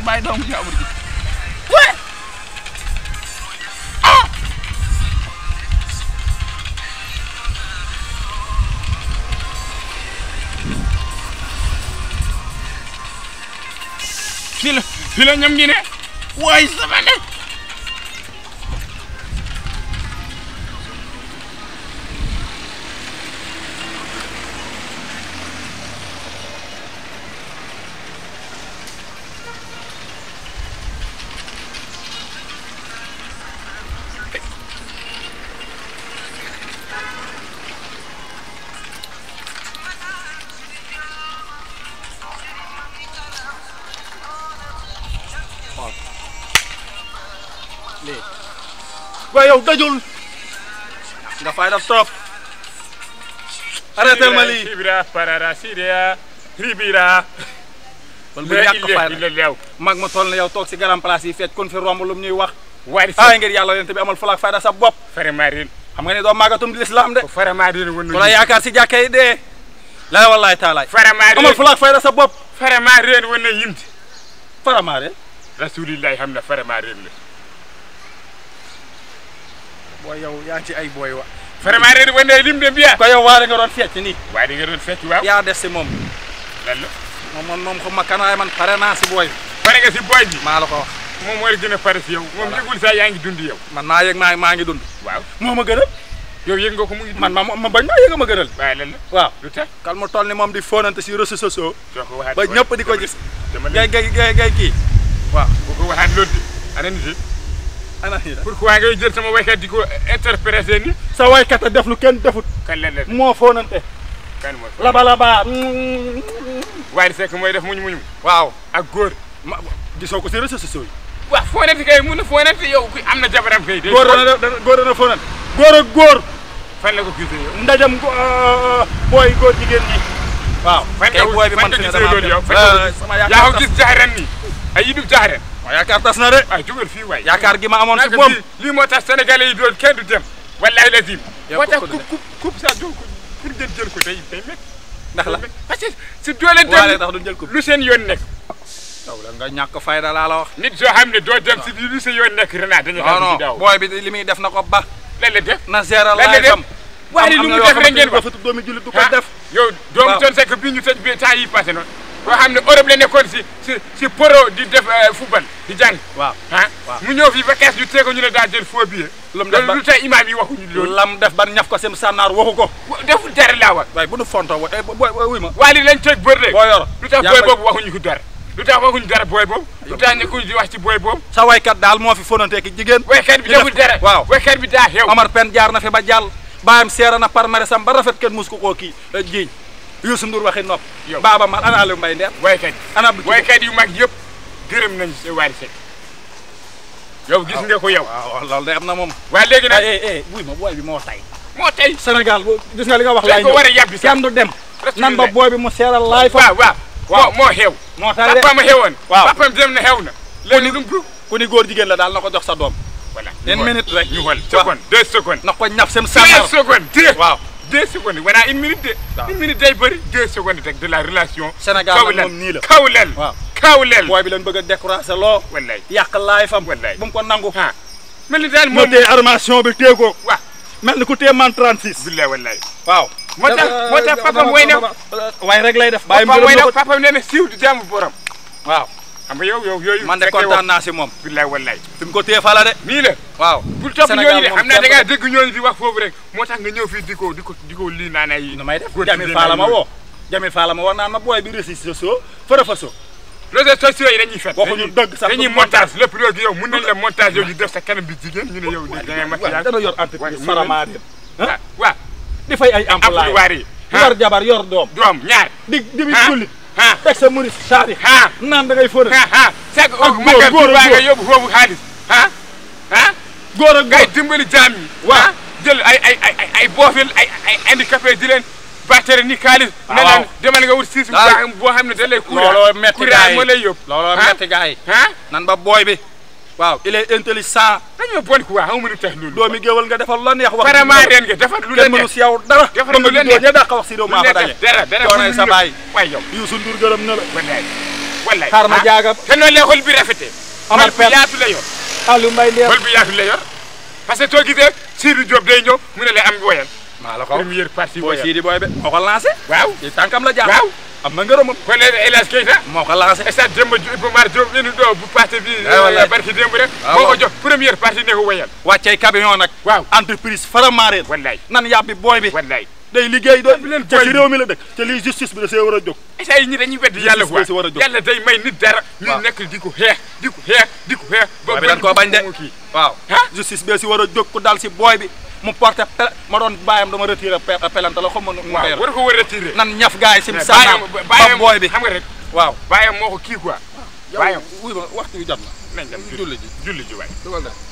yang bay dong ya budi weh ah Fila, fila nyam gini. Wah, sama nih. waaye yow dajul nga fay def trop arrêté ma lii ribira mag ma toll na yow toog si garam place yi feet kon fi romb lu ñuy wax waari ay ngir yàlla yonent bi amal fulaak fayda sa bopp faramarin xam nga ne doo màggatum di lislaam de faramarin wonu la yaakaar si jàkka yi dee la wallahi taala booy yow yaa ngi ci ay booy wa vraiment réew ba ndey lim de bien ko yow waa da nga doon fecc nii waaye da nga doon fecc waaw yaa des si moom moom moom xam ma kanaay man pare naa si booy pare nga si booy bi maa la ko wax moom moo la gën a pare si yow moom yëgul saa yaa ngi dund yow man naa yëg maa ngi dund waaw moo ma gënal yow yëg nga ko mu ngi man ma ma bañ maa yëg ma gënal waaye lan la waaw lu tax kal mu toll ni moom di fóonante si réseaux sociaux ba ñëpp di ko gis ngay ngay ngay kii waaw bu ko waxaat loolu di pourquoi ngay jël sama waykat di ko interpréter ni sa waykat a kenn defut. kan moo foonante. kan mooy laba laba. waaye sekk mooy def muñ muñ waaw ak góor. ma soo ko si réseaux sociaux yi. waaw kay mun na foonante yow ku am na jabaram kay. góor dana góor dana foonante. góor ak góor. fan la ko gisee yow. Ah, ah, góor jigéen ñi. waaw fan la ko gisee loolu yow fan la ko gisee yaa ko gis waaw yaakaar tas na de. ay jógal fii waay yaakaar gi ma amoon si moom lii moo tax sénégalais yi doon kenn du dem wallahi lazim. moo tax ku ku sa do ko pour ngeen jël ko day day métti. ndax la parce que si doole dem lu seen yoon nekk. taw la nga ñàkk fayda laa la wax. nit soo xam ne doo dem si lu seen yoon nekk renaa dañuy xam si daaw booy bi li muy def na ko ba. lan la def na seeral laay tam. waaye lu mu def rek ngeen ko doomi jullit du ko def. yow doomu Thione Seck bii ñu tëj bi temps yi passé noonu boo xam ne Europe la nekkoon si si si di def euh, football di jàng. waaw waaw mu ñëw fii ba kees ñu tegu ñu ne daa jël lu tey imaam yi waxuñu loolu. lam def ban ñaf ko seen sànnaar waxu ko. deful dara laa wax. waaye bu nu fontoo wa eh booy wuy ma. boo yor lu waxuñu ko lu tax waxuñu dara booy boobu. lu tax nekkuñu di wax ci booy boobu. sa waykat daal moo fi fonante ki jigéen. waykat bi deful dara waaw waykat bi daa xew. Amar Pène jaar na fi ba jàll. baayam seera na parmarèsam ba rafet kenn mus ko koo kii euh, jiiñ Youssou Ndour waxi nopp. yow Baaba Maal ana Aliou Mbaye Nder. waykat yi yu mag yëpp gërëm nañ si Wally yow gis nga ko yow. Ah, waaw loolu am na moom. waaye léegi nag eh eh buy eh, ma booy bi moo tay. moo tay Sénégal gis nga li wax. laay ñëw war a du dem. nan ba booy bi mu seeral laay fa. waaw waaw waaw moo xew. moo tay de papaam a xewoon. waaw na xew na. léegi lu mu ku ni góor jigéen la daal na ko jox sa doom. voilà une minute rek. ñu xool ñaf seen. sànqal deux deux secondes wala une de. une minute bëri deux secondes rek de la relation. Sénégal moom nii la kawleel waaw kawleel. booy bi bëgg a décourager loo. wallaay yàq fam. wallaay ko nangu. ah mel ni daal bi téye ko. mel ni ku téye man 36. billaay wallaay waaw. moo tax moo tax papam way ne. waaye rek lay def. bàyyi mu gërëm papam way ne papam nee na borom xam nga yow yow yooyu. man de kontaan naa moom. billaay wallaay. fi ko téye fa de. nii la waaw. bul topp ñooñu de xam naa da ngaa dégg ñooñu di wax foofu rek moo tax nga ñëw fii di ko di ko di ko lii naana yi. nu may def Jamil Fall ma woo. ma war naan ma booy bi réseaux sociaux fara faso. réseaux sociaux yi dañuy fet waxuñu dëgg sax dañuy montage lépp léegi yow mën nañ la montage yow di def sa kanam bi jigéen ñu ne yow da ngay matériel dana yor entreprise farama ah, di fay ay employé war ah. di di ah. jullit teg sa mënis saari naan da ngay fëral sag magal Tuubaa nga yóbbu foofu xaalis ah ah góor ak ngay dimbali jaam yi waaw jël ay ay ay ay boofil ay ay handicapé di leen battere ni xaalis ne leen demal nga wut siis boo xam ne da lay kuraa kuraa moo lay nan ba booy bi waaw il est doomi géwal nga defal la neex. wax vraiment ren nga defal lu dara. defal lu la neex wax si doomu maa fa daje. dara dara coonay sa baay. waay yow Youssou Ndour gërëm na la. wallaay wallaay xaar ma ah, jaagab. te noonu la xol bi rafetee. Omar Pène yaatu la yor. Aliou Mbaye bi yaatu la yor. parce que soo gisee Sidi mu ne la am woyal. maa la ko première partie woyal boo booy be moo ko lancé. waaw ci tànkam la jaar am na ngërëmam kon ne El Hadj Keita moo ko laxase stade Demba Iba Mar Diop inu do bu parti bi eh, euh, barki démb rek moo ah, ko jox première partie ne ko wéyal wàccee waaw entreprise faramareen wallaay nan yàbbi booy bi wallaay day liggéey doon leen ci mi la dëkk te lii justice bi da see war a jóg say ñi dañuy wedd yàlla quoi yàlla day may nit dara ñu nekk di ko xeex di ko xeex di ko ba dañ koo bañ de waaw justice bee si war a jóg ku dal si booy bi mu porté ma doon bàyyam dama retiré pelante la xam ma nu waaw war ko war retiré nan ñaf gaay sim sànnaam ba booy bi xam nga moo ko kii quoi bàyyam wuy ma waxtu bi jot na nañ dem julli ji julli ji waay